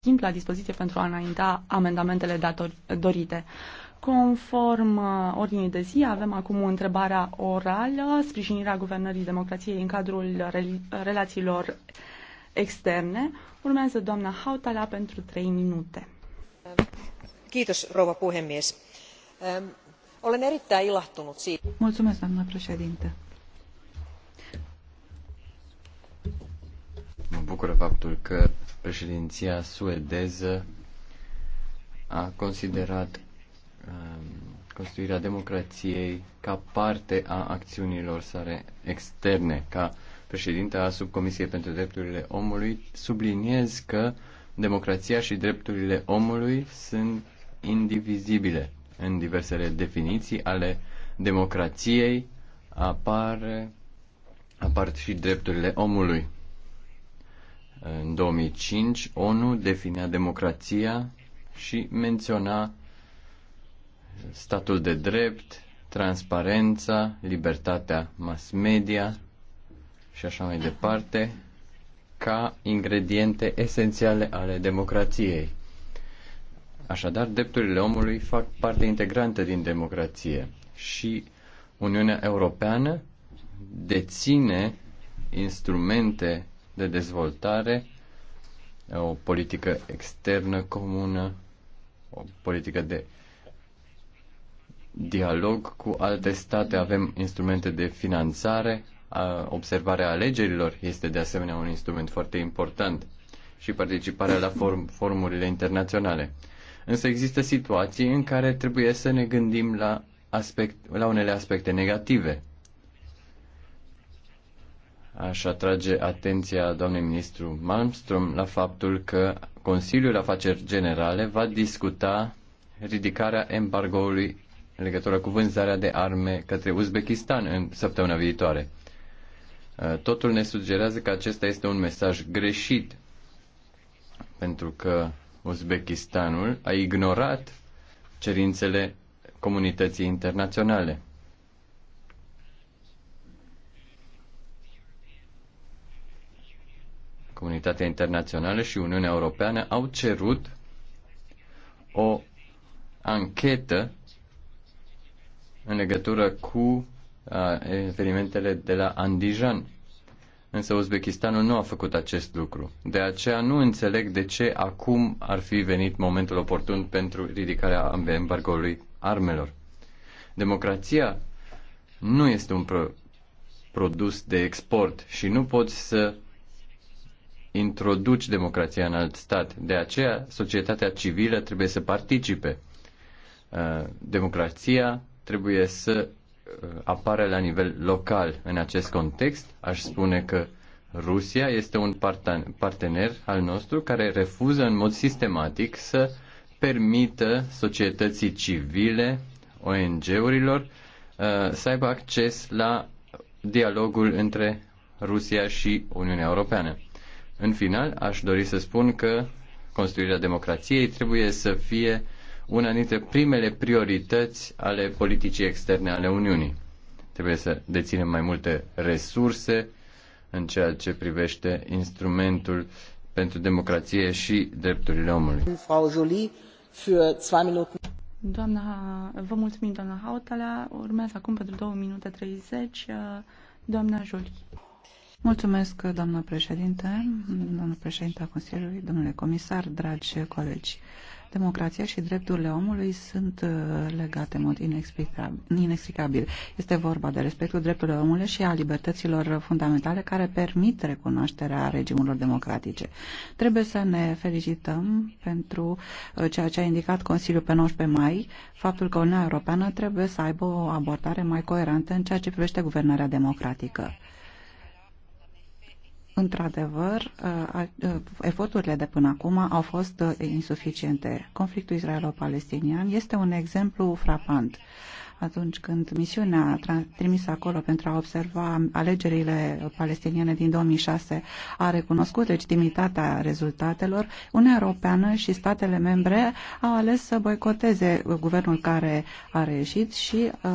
timp la dispoziție pentru a înainta amendamentele dator, dorite. Conform uh, ordinii de zi, avem acum o întrebare orală, sprijinirea guvernării democrației în cadrul re- relațiilor externe. Urmează doamna Hautala pentru trei minute. Kiitos, rouva puhemies. Olen erittäin ilahtunut siitä. Mulțumesc, doamna președinte. Mă bucură faptul că președinția suedeză a considerat um, construirea democrației ca parte a acțiunilor sale externe. Ca președinte a Subcomisiei pentru Drepturile Omului, subliniez că democrația și drepturile omului sunt indivizibile. În diversele definiții ale democrației apar, apar și drepturile omului. În 2005, ONU definea democrația și menționa statul de drept, transparența, libertatea mass media și așa mai departe, ca ingrediente esențiale ale democrației. Așadar, drepturile omului fac parte integrantă din democrație și Uniunea Europeană deține instrumente de dezvoltare, o politică externă comună, o politică de dialog cu alte state, avem instrumente de finanțare, observarea alegerilor este de asemenea un instrument foarte important și participarea la form, formurile internaționale. Însă există situații în care trebuie să ne gândim la, aspect, la unele aspecte negative. Aș atrage atenția doamnei ministru Malmström la faptul că Consiliul Afaceri Generale va discuta ridicarea embargoului în legătură cu vânzarea de arme către Uzbekistan în săptămâna viitoare. Uh, totul ne sugerează că acesta este un mesaj greșit, pentru că Uzbekistanul a ignorat cerințele comunității internaționale. comunitatea internațională și Uniunea Europeană au cerut o anchetă în legătură cu evenimentele de la Andijan. Însă Uzbekistanul nu a făcut acest lucru. De aceea nu înțeleg de ce acum ar fi venit momentul oportun pentru ridicarea embargoului armelor. Democrația nu este un pro- produs de export și nu poți să introduci democrația în alt stat. De aceea, societatea civilă trebuie să participe. Uh, democrația trebuie să uh, apare la nivel local. În acest context, aș spune că Rusia este un partener al nostru care refuză în mod sistematic să permită societății civile, ONG-urilor, uh, să aibă acces la dialogul între Rusia și Uniunea Europeană. În final, aș dori să spun că construirea democrației trebuie să fie una dintre primele priorități ale politicii externe ale Uniunii. Trebuie să deținem mai multe resurse în ceea ce privește instrumentul pentru democrație și drepturile omului. Frau Jolie, für zwei Minuten. Doamna, vă mulțumim, doamna Hautala. Urmează acum pentru 2 minute 30, doamna Jolie. Mulțumesc, doamnă președinte, doamnă președinte a Consiliului, domnule comisar, dragi colegi. Democrația și drepturile omului sunt uh, legate în mod inexplicabil. Este vorba de respectul drepturilor omului și a libertăților fundamentale care permit recunoașterea regimurilor democratice. Trebuie să ne felicităm pentru uh, ceea ce a indicat Consiliul pe 19 mai, faptul că Uniunea Europeană trebuie să aibă o abordare mai coerentă în ceea ce privește guvernarea democratică Într-adevăr, uh, uh, eforturile de până acum au fost uh, insuficiente. Conflictul israelo-palestinian este un exemplu frapant atunci când misiunea trimisă acolo pentru a observa alegerile palestiniene din 2006 a recunoscut legitimitatea rezultatelor, Uniunea Europeană și statele membre au ales să boicoteze guvernul care a reușit și uh,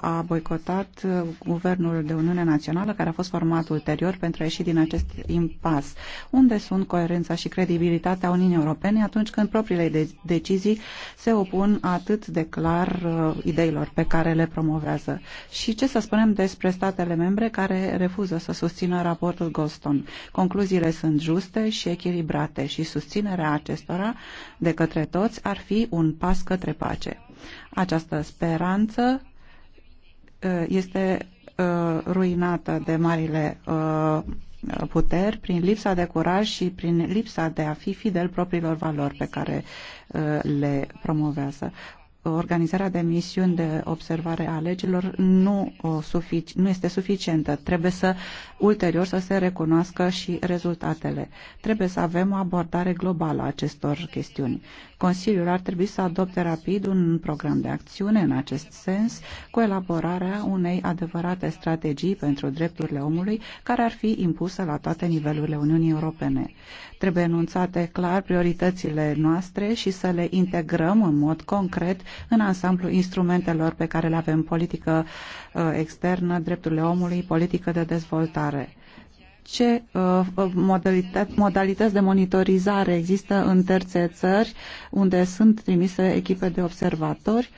a boicotat guvernul de Uniune Națională care a fost format ulterior pentru a ieși din acest impas. Unde sunt coerența și credibilitatea Uniunii Europene atunci când propriile de decizii se opun atât de clar uh, ideilor pe care le promovează. Și ce să spunem despre statele membre care refuză să susțină raportul Goston? Concluziile sunt juste și echilibrate și susținerea acestora de către toți ar fi un pas către pace. Această speranță uh, este uh, ruinată de marile uh, puteri, prin lipsa de curaj și prin lipsa de a fi fidel propriilor valori pe care le promovează organizarea de misiuni de observare a legilor nu, sufic nu este suficientă. Trebuie să ulterior să se recunoască și rezultatele. Trebuie să avem o abordare globală a acestor chestiuni. Consiliul ar trebui să adopte rapid un program de acțiune în acest sens cu elaborarea unei adevărate strategii pentru drepturile omului care ar fi impusă la toate nivelurile Uniunii Europene. Trebuie enunțate clar prioritățile noastre și să le integrăm în mod concret în ansamblu instrumentelor pe care le avem, politică uh, externă, drepturile omului, politică de dezvoltare ce uh, modalități de monitorizare există în terțe țări unde sunt trimise echipe de observatori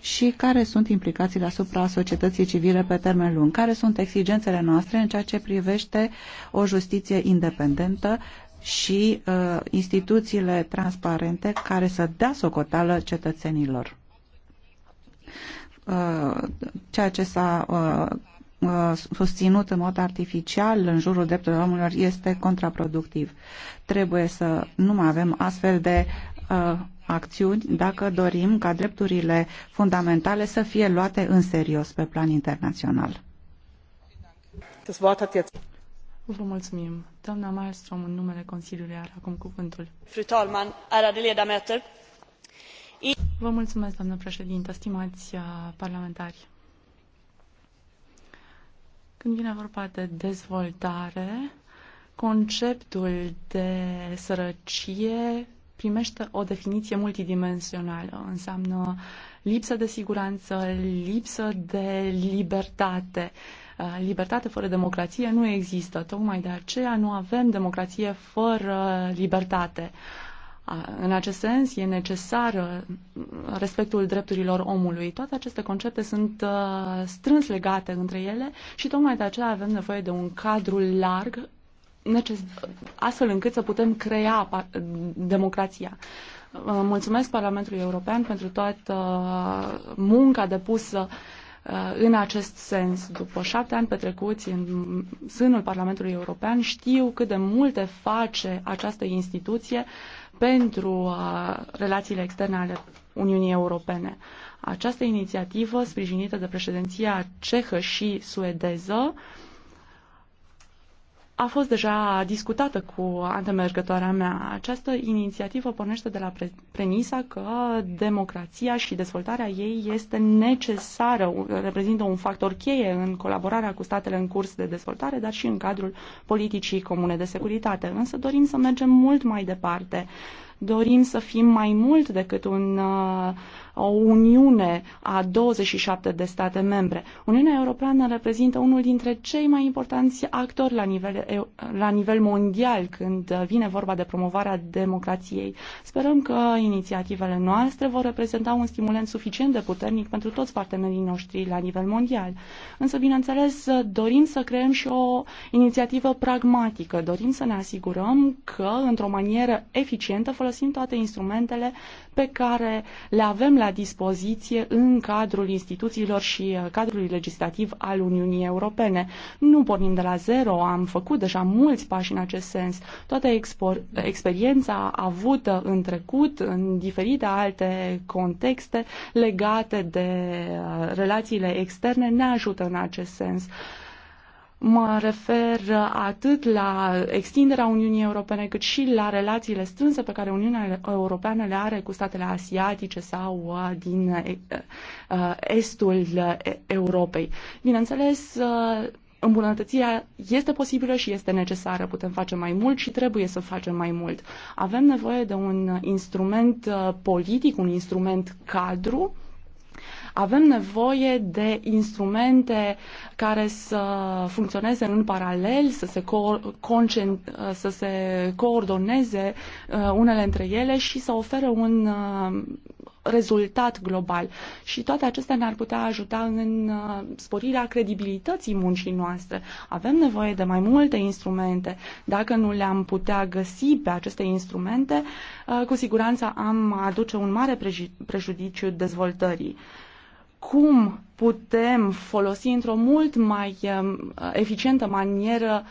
și care sunt implicațiile asupra societății civile pe termen lung, care sunt exigențele noastre în ceea ce privește o justiție independentă și uh, instituțiile transparente care să dea socoteală cetățenilor. Uh, ceea ce s-a uh, uh, susținut în mod artificial în jurul drepturilor omului este contraproductiv. Trebuie să nu mai avem astfel de acțiuni dacă dorim ca drepturile fundamentale să fie luate în serios pe plan internațional. Vă mulțumim. Doamna Malmström, în numele Consiliului, are acum cuvântul. Fru talman, ärade ledamöter. Vă mulțumesc, doamnă președintă, stimați uh, parlamentari. Când vine vorba de dezvoltare, conceptul de sărăcie primește o definiție multidimensională. Înseamnă lipsă de siguranță, lipsă de libertate. Uh, libertate fără democrație nu există. Tocmai de aceea nu avem democrație fără libertate. În acest sens, e necesar uh, respectul drepturilor omului. Toate aceste concepte sunt uh, strâns legate între ele și tocmai de aceea avem nevoie de un cadru larg astfel încât să putem crea democrația. Uh, mulțumesc Parlamentului European pentru toată munca depusă în acest sens. După șapte ani petrecuți în sânul Parlamentului European, știu cât de multe face această instituție uh, pentru uh, relațiile externe ale Uniunii Europene. Această inițiativă, sprijinită de președinția cehă și suedeză, uh, a fost deja discutată cu antemergătoarea mea. Această inițiativă pornește de la pre- premisa că democrația și dezvoltarea ei este necesară, reprezintă un factor cheie în colaborarea cu statele în curs de dezvoltare, dar și în cadrul politicii comune de securitate. Însă dorim să mergem mult mai departe dorim să fim mai mult decât un, uh, o uniune a 27 de state membre. Uniunea Europeană reprezintă unul dintre cei mai importanți actori la nivel, la nivel mondial când uh, vine vorba de promovarea democrației. Sperăm că inițiativele noastre vor reprezenta un stimulent suficient de puternic pentru toți partenerii noștri la nivel mondial. Însă, bineînțeles, uh, dorim să creăm și o inițiativă pragmatică. Dorim să ne asigurăm că, într-o manieră eficientă, folosim folosim toate instrumentele pe care le avem la dispoziție în cadrul instituțiilor și uh, cadrului legislativ al Uniunii Europene. Nu pornim de la zero, am făcut deja mulți pași în acest sens. Toată experiența avută în trecut, în diferite alte contexte legate de uh, relațiile externe, ne ajută în acest sens. Mă refer atât la extinderea Uniunii Europene, cât și la relațiile strânse pe care Uniunea Europeană le are cu statele asiatice sau uh, din uh, uh, estul Europei. Bineînțeles, îmbunătățirea este posibilă și este necesară. Putem face mai mult și trebuie să facem mai mult. Avem nevoie de un instrument politic, un instrument cadru avem nevoie de instrumente care să funcționeze în paralel, să se, co- să se coordoneze uh, unele între ele și să ofere un uh, rezultat global. Și toate acestea ne-ar putea ajuta în uh, sporirea credibilității muncii noastre. Avem nevoie de mai multe instrumente. Dacă nu le-am putea găsi pe aceste instrumente, cu siguranță am aduce un mare prejudiciu dezvoltării cum putem folosi într-o mult mai um, eficientă manieră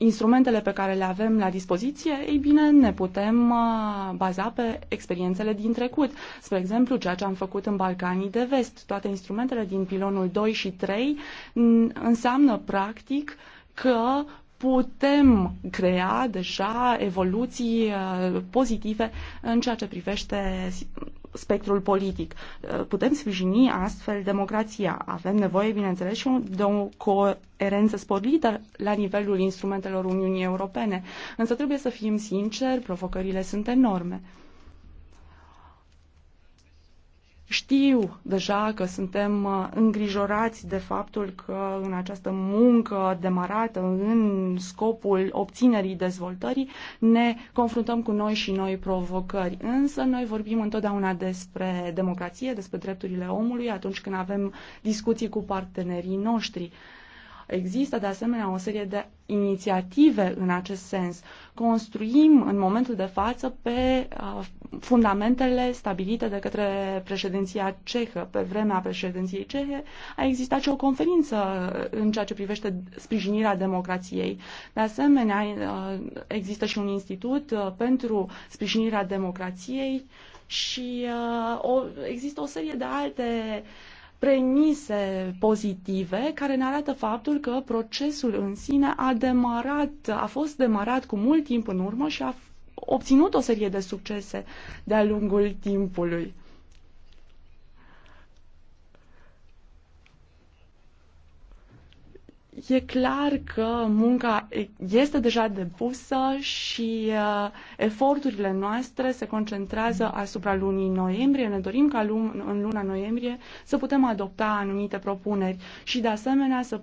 instrumentele pe care le avem la dispoziție, ei bine, ne putem uh, baza pe experiențele din trecut. Spre exemplu, ceea ce am făcut în Balcanii de Vest, toate instrumentele din pilonul 2 și 3 înseamnă practic că putem crea deja evoluții uh, pozitive în ceea ce privește spectrul politic. Uh, putem sprijini astfel democrația. Avem nevoie, bineînțeles, și de o coerență sporită la nivelul instrumentelor Uniunii Europene. Însă trebuie să fim sinceri, provocările sunt enorme. Știu deja că suntem uh, îngrijorați de faptul că în această muncă demarată în scopul obținerii dezvoltării ne confruntăm cu noi și noi provocări. Însă noi vorbim întotdeauna despre democrație, despre drepturile omului atunci când avem discuții cu partenerii noștri. Uh, Există de asemenea o serie de inițiative în acest sens. Construim în momentul de față pe uh, fundamentele stabilite de către președinția cehă. Pe vremea președinției cehe a existat și o conferință în ceea ce privește sprijinirea democrației. De asemenea, uh, există și un institut uh, pentru sprijinirea democrației și o, există o serie de alte uh, premise pozitive care ne arată faptul că procesul în sine a demarat, a fost demarat cu mult timp în urmă și a obținut o serie de succese de-a lungul timpului. E clar că munca este deja depusă și uh, eforturile noastre se concentrează asupra lunii noiembrie. Ne dorim ca lum- în luna noiembrie să putem adopta anumite propuneri și, de asemenea, să,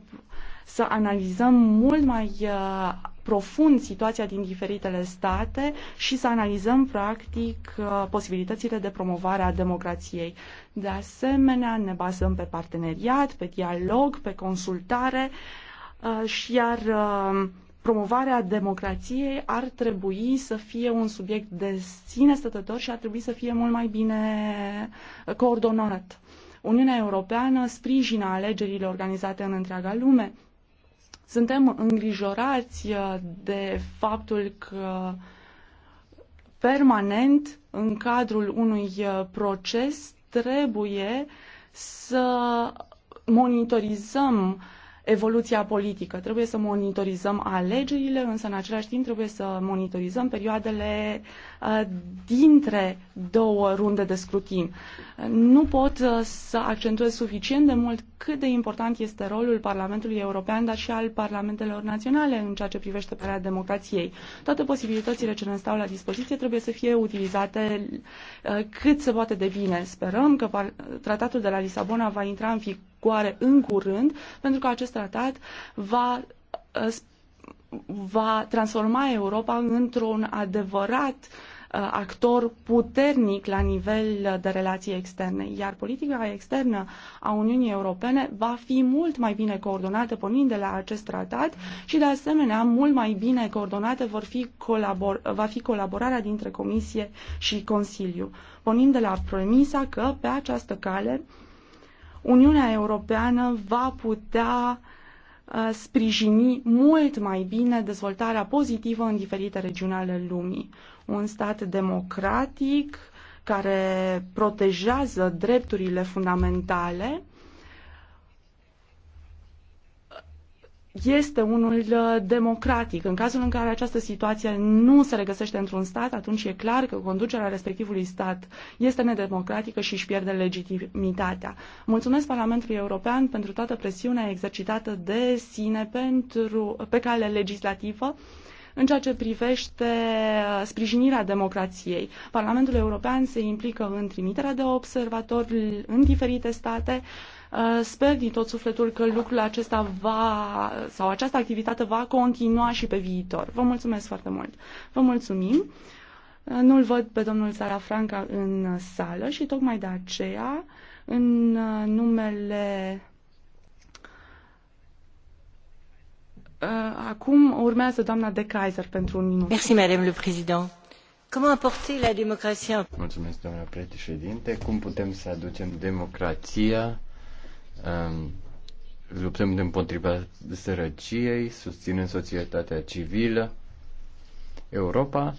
să analizăm mult mai uh, profund situația din diferitele state și să analizăm, practic, uh, posibilitățile de promovare a democrației. De asemenea, ne bazăm pe parteneriat, pe dialog, pe consultare. Uh, Uh, și iar uh, promovarea democrației ar trebui să fie un subiect de sine stătător și ar trebui să fie mult mai bine uh, coordonat. Uniunea Europeană sprijină alegerile organizate în întreaga lume. Suntem îngrijorați de faptul că permanent în cadrul unui proces trebuie să monitorizăm uh, evoluția politică. Trebuie să monitorizăm alegerile, însă în același timp trebuie să monitorizăm perioadele uh, dintre două runde de scrutin. Nu pot uh, să accentuez suficient de mult cât de important este rolul Parlamentului European, dar și al Parlamentelor Naționale în ceea ce privește părerea democrației. Toate posibilitățile ce ne stau la dispoziție trebuie să fie utilizate uh, cât se poate de bine. Sperăm că tratatul de la Lisabona va intra în vigoare în curând, pentru că acest tratat va uh, va transforma Europa într-un adevărat uh, actor puternic la nivel de relații externe, iar politica externă a Uniunii Europene va fi mult mai bine coordonată pornind de la acest tratat și, de asemenea, mult mai bine coordonată vor fi colabor- va fi colaborarea dintre Comisie și Consiliu, pornind de la premisa că, pe această cale, uh, Uniunea Europeană va putea uh, sprijini mult mai bine dezvoltarea pozitivă în diferite regiuni ale lumii. Un stat democratic care protejează drepturile fundamentale este unul uh, democratic. În cazul în care această situație nu se regăsește într-un stat, atunci e clar că conducerea respectivului stat este nedemocratică și își pierde legitimitatea. Mulțumesc Parlamentului European pentru toată presiunea exercitată de sine pentru, pe cale legislativă în ceea ce privește uh, sprijinirea democrației. Parlamentul European se implică în trimiterea de observatori în diferite state. Uh, sper din tot sufletul că lucrul acesta va, sau această activitate va continua și pe viitor. Vă mulțumesc foarte mult. Vă mulțumim. Uh, nu-l văd pe domnul Franca în sală și tocmai de aceea, în numele Uh, acum urmează doamna de Kaiser pentru un minut. Merci, madame le président. Cum apporter la democrație? Mulțumesc, doamna președinte. Cum putem să aducem democrația? Um, luptăm împotriva sărăciei, susținem societatea civilă. Europa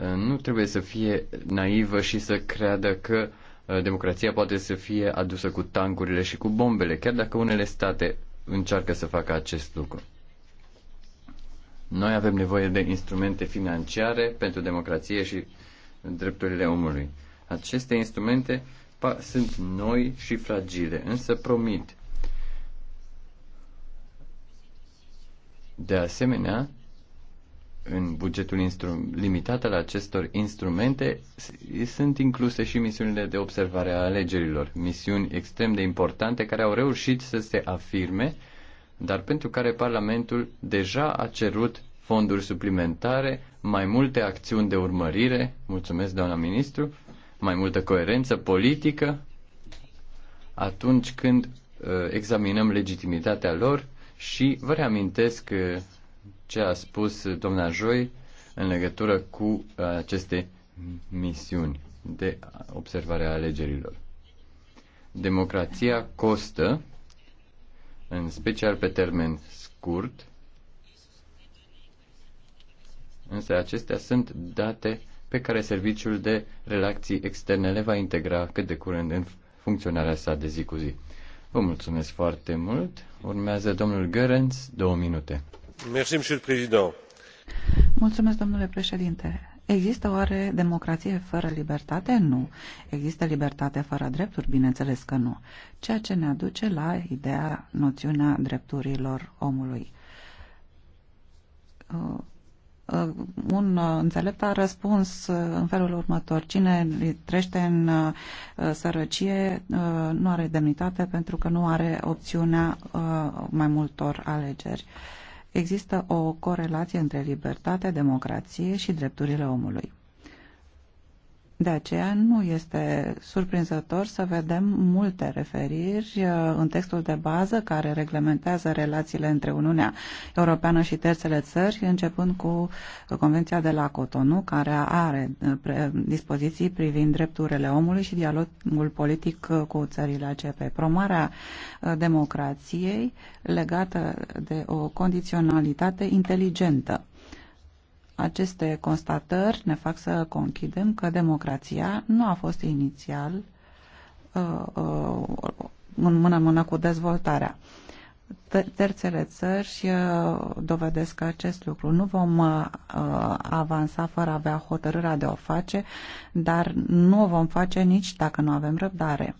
uh, nu trebuie să fie naivă și să creadă că uh, democrația poate să fie adusă cu tancurile și cu bombele, chiar dacă unele state încearcă să facă acest lucru. Noi avem nevoie de instrumente financiare pentru democrație și drepturile omului. Aceste instrumente sunt noi și fragile, însă promit. De asemenea, în bugetul limitat al acestor instrumente sunt incluse și misiunile de observare a alegerilor, misiuni extrem de importante care au reușit să se afirme dar pentru care Parlamentul deja a cerut fonduri suplimentare, mai multe acțiuni de urmărire, mulțumesc doamna ministru, mai multă coerență politică atunci când uh, examinăm legitimitatea lor și vă reamintesc uh, ce a spus doamna Joi în legătură cu uh, aceste misiuni de observare a alegerilor. Democrația costă în special pe termen scurt, însă acestea sunt date pe care serviciul de relații externe le va integra cât de curând în funcționarea sa de zi cu zi. Vă mulțumesc foarte mult. Urmează domnul Görens, două minute. Mulțumesc, domnule președinte. Există oare democrație fără libertate? Nu. Există libertate fără drepturi? Bineînțeles că nu. Ceea ce ne aduce la ideea, noțiunea drepturilor omului. Uh, uh, un uh, înțelept a răspuns în felul următor. Cine trește în sărăcie nu are demnitate pentru că nu are opțiunea mai multor alegeri. Există o corelație între libertate, democrație și drepturile omului. De aceea nu este surprinzător să vedem multe referiri uh, în textul de bază care reglementează relațiile între Uniunea Europeană și terțele țări, începând cu Convenția de la Cotonou, care are uh, dispoziții privind drepturile omului și dialogul politic uh, cu țările ACP. Promarea democrației legată de o condiționalitate inteligentă aceste constatări ne fac să conchidem că democrația nu a fost inițial uh, uh, în mână-mână cu dezvoltarea. Terțele țări și uh, dovedesc acest lucru. Nu vom avansa fără a avea hotărârea de o face, dar nu o vom face nici dacă nu avem răbdare.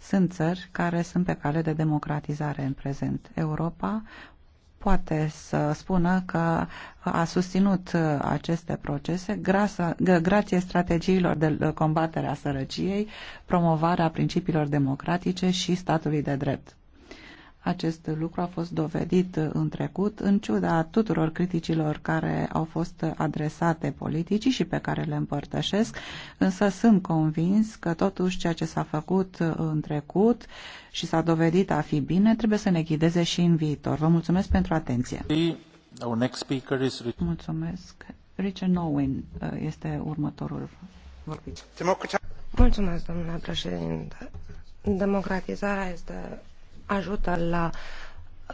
Sunt țări care sunt pe cale de democratizare în prezent. Europa poate să spună că a susținut aceste procese grasă, grație strategiilor de combatere a sărăciei, promovarea principiilor democratice și statului de drept. Acest lucru a fost dovedit în trecut, în ciuda tuturor criticilor care au fost adresate politicii și pe care le împărtășesc, însă sunt convins că totuși ceea ce s-a făcut în trecut și s-a dovedit a fi bine, trebuie să ne ghideze și în viitor. Vă mulțumesc pentru atenție. Mulțumesc. Richard Nowin uh, este următorul vorbit. Mulțumesc, domnule președinte. Democratizarea este ajută la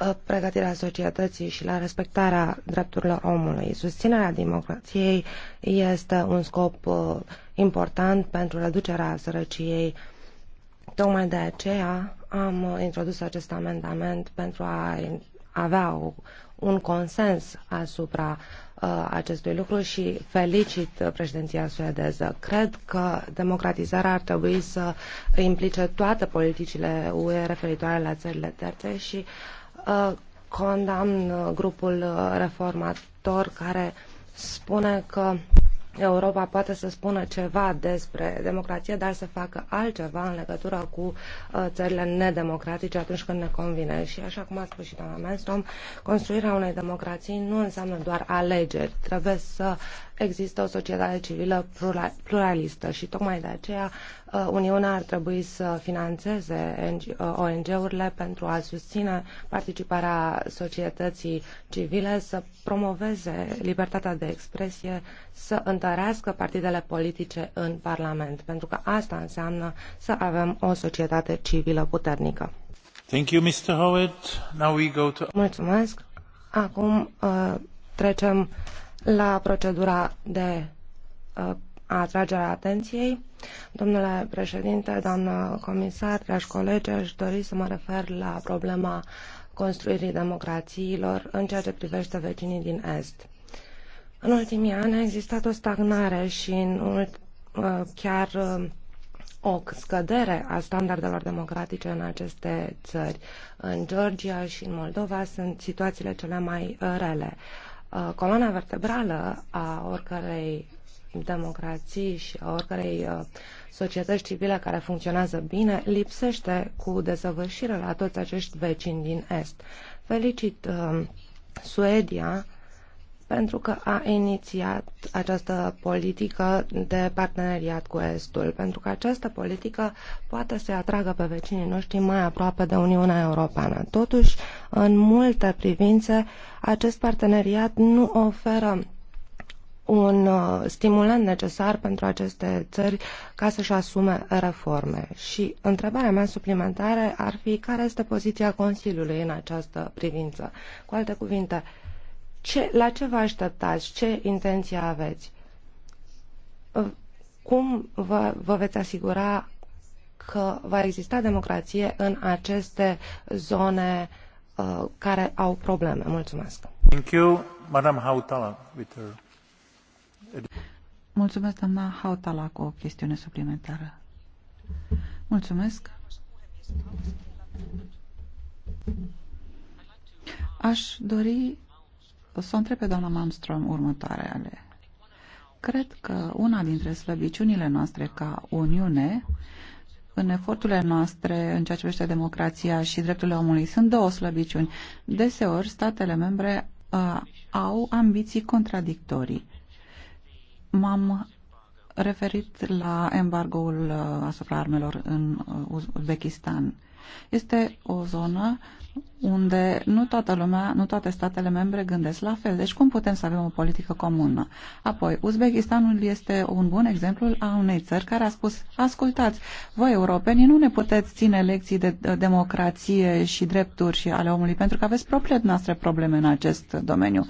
uh, pregătirea societății și la respectarea drepturilor omului. Susținerea democrației este un scop uh, important pentru reducerea sărăciei. Tocmai de aceea am uh, introdus acest amendament pentru a avea un consens asupra Uh, acestui lucru și felicit uh, președinția suedeză. Cred că democratizarea ar trebui să implice toate politicile UE referitoare la țările terțe și uh, condamn grupul reformator care spune că Europa poate să spună ceva despre democrație, dar să facă altceva în legătură cu uh, țările nedemocratice atunci când ne convine. Și așa cum a spus și doamna Menstrom, construirea unei democrații nu înseamnă doar alegeri. Trebuie să există o societate civilă pluralistă și tocmai de aceea uh, Uniunea ar trebui să financeze uh, ONG-urile pentru a susține participarea societății civile, să promoveze libertatea de expresie, să întâlnească întărească partidele politice în Parlament, pentru că asta înseamnă să avem o societate civilă puternică. Thank you, Mr. Howard. Now we go to... Mulțumesc. Acum uh, trecem la procedura de uh, a atenției. Domnule președinte, doamnă comisar, dragi colegi, aș dori să mă refer la problema construirii democrațiilor în ceea ce privește vecinii din Est. În ultimii ani a existat o stagnare și în, uh, chiar uh, o scădere a standardelor democratice în aceste țări. În Georgia și în Moldova sunt situațiile cele mai uh, rele. Coloana vertebrală a oricărei democrații și a oricărei societăți civile care funcționează bine lipsește cu desăvârșire la toți acești vecini din Est. Felicit Suedia pentru că a inițiat această politică de parteneriat cu Estul, pentru că această politică poate să atragă pe vecinii noștri mai aproape de Uniunea Europeană. Totuși, în multe privințe, acest parteneriat nu oferă un uh, stimulant necesar pentru aceste țări ca să-și asume reforme. Și întrebarea mea suplimentare ar fi care este poziția Consiliului în această privință. Cu alte cuvinte, ce, la ce vă așteptați? Ce intenție aveți? Cum vă, vă veți asigura că va exista democrație în aceste zone uh, care au probleme? Mulțumesc! Thank you, Madam Hautala, with her... Mulțumesc, doamna Hautala, cu o chestiune suplimentară. Mulțumesc. Aș dori să o întreb pe doamna Malmström următoarele. Cred că una dintre slăbiciunile noastre ca Uniune în eforturile noastre în ceea ce privește democrația și drepturile omului sunt două slăbiciuni. Deseori, statele membre uh, au ambiții contradictorii. M-am referit la embargoul uh, asupra armelor în uh, Uzbekistan. Este o zonă unde nu toată lumea, nu toate statele membre gândesc la fel. Deci cum putem să avem o politică comună? Apoi, Uzbekistanul este un bun exemplu a unei țări care a spus, ascultați, voi europenii nu ne puteți ține lecții de democrație și drepturi și ale omului pentru că aveți propriile noastre probleme în acest domeniu.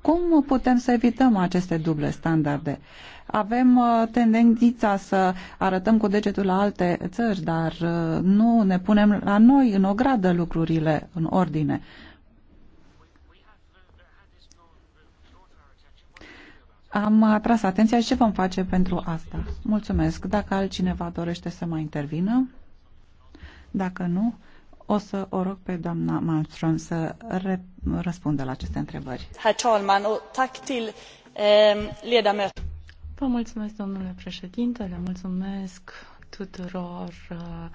Cum putem să evităm aceste duble standarde? Uh, avem uh, tendința să arătăm cu degetul la alte țări, dar uh, nu ne punem la noi în ogradă lucrurile în ordine. Am atras atenția și ce vom face pentru asta. Mulțumesc. Dacă altcineva dorește să mai intervină, dacă nu, o să o rog pe doamna Malmström să răspundă la aceste întrebări. Herr talman, o tack til, eh, Vă mulțumesc, domnule președinte, le mulțumesc tuturor uh,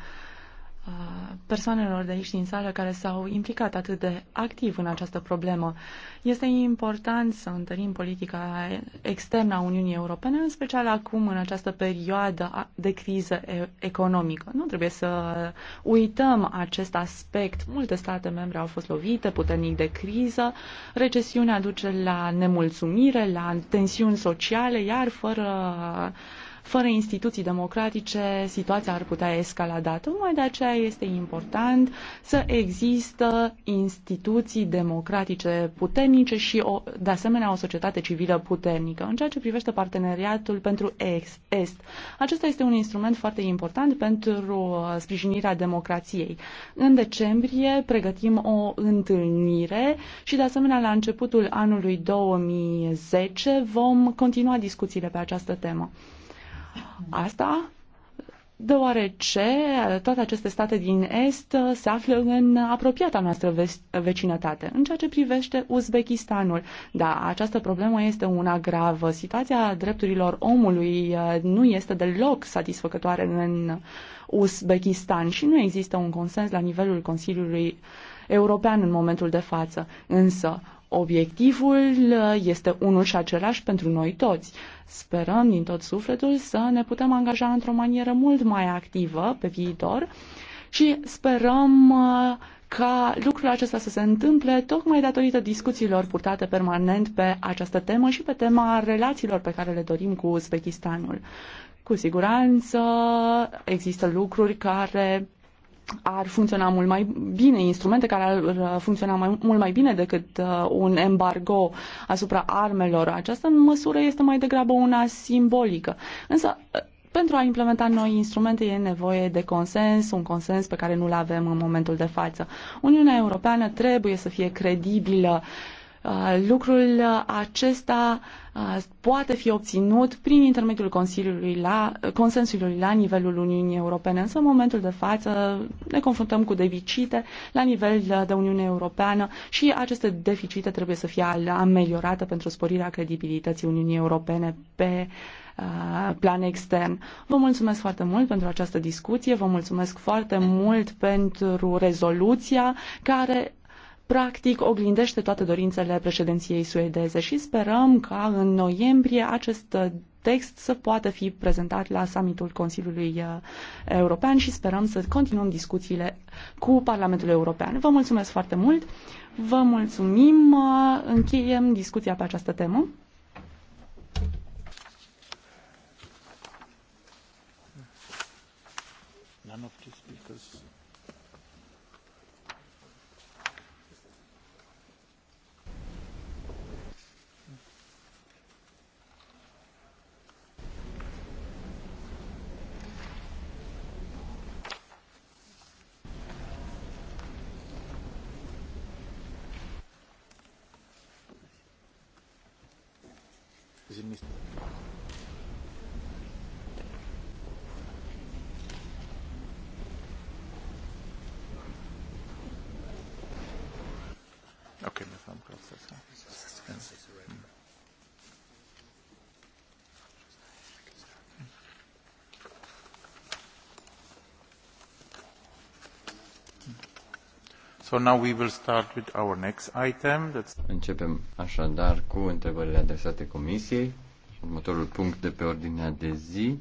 persoanelor de aici din sală care s-au implicat atât de activ în această problemă. Este important să întărim politica externă a Uniunii Europene, în special acum, în această perioadă de criză economică. Nu trebuie să uităm acest aspect. Multe state membre au fost lovite puternic de criză, recesiunea duce la nemulțumire, la tensiuni sociale, iar fără uh, fără instituții democratice, situația ar putea escalada. Tocmai de aceea este important să există instituții democratice puternice și, o, de asemenea, o societate civilă puternică. În ceea ce privește parteneriatul pentru Est, acesta este un instrument foarte important pentru uh, sprijinirea democrației. În decembrie pregătim o întâlnire și, de asemenea, la începutul anului 2010 vom continua discuțiile pe această temă. Asta deoarece toate aceste state din Est se află în apropiata noastră vecinătate. În ceea ce privește Uzbekistanul, da, această problemă este una gravă. Situația drepturilor omului uh, nu este deloc satisfăcătoare în Uzbekistan și nu există un consens la nivelul Consiliului European în momentul de față. Însă, Obiectivul uh, este unul și același pentru noi toți. Sperăm din tot sufletul să ne putem angaja într-o manieră mult mai activă pe viitor și sperăm uh, ca lucrul acesta să se întâmple tocmai datorită discuțiilor purtate permanent pe această temă și pe tema relațiilor pe care le dorim cu Uzbekistanul. Cu siguranță există lucruri care ar funcționa mult mai bine, instrumente care ar uh, funcționa mai, mult mai bine decât uh, un embargo asupra armelor. Această măsură este mai degrabă una simbolică. Însă, uh, pentru a implementa noi instrumente e nevoie de consens, un consens pe care nu-l avem în momentul de față. Uniunea Europeană trebuie să fie credibilă uh, Uh, lucrul acesta uh, poate fi obținut prin intermediul Consiliului la, consensului la nivelul Uniunii Europene, însă în momentul de față ne confruntăm cu deficite la nivel de Uniune Europeană și aceste deficite trebuie să fie ameliorate pentru sporirea credibilității Uniunii Europene pe uh, plan extern. Vă mulțumesc foarte mult pentru această discuție, vă mulțumesc foarte mult pentru rezoluția care practic oglindește toate dorințele președinției suedeze și sperăm ca în noiembrie acest uh, text să poată fi prezentat la summitul Consiliului uh, European și sperăm să continuăm discuțiile cu Parlamentul European. Vă mulțumesc foarte mult, vă mulțumim, uh, încheiem discuția pe această temă. Okay, wir haben kurz das. So now we will start with our next item. That's... Începem așadar cu întrebările adresate Comisiei, următorul punct de pe ordinea de zi.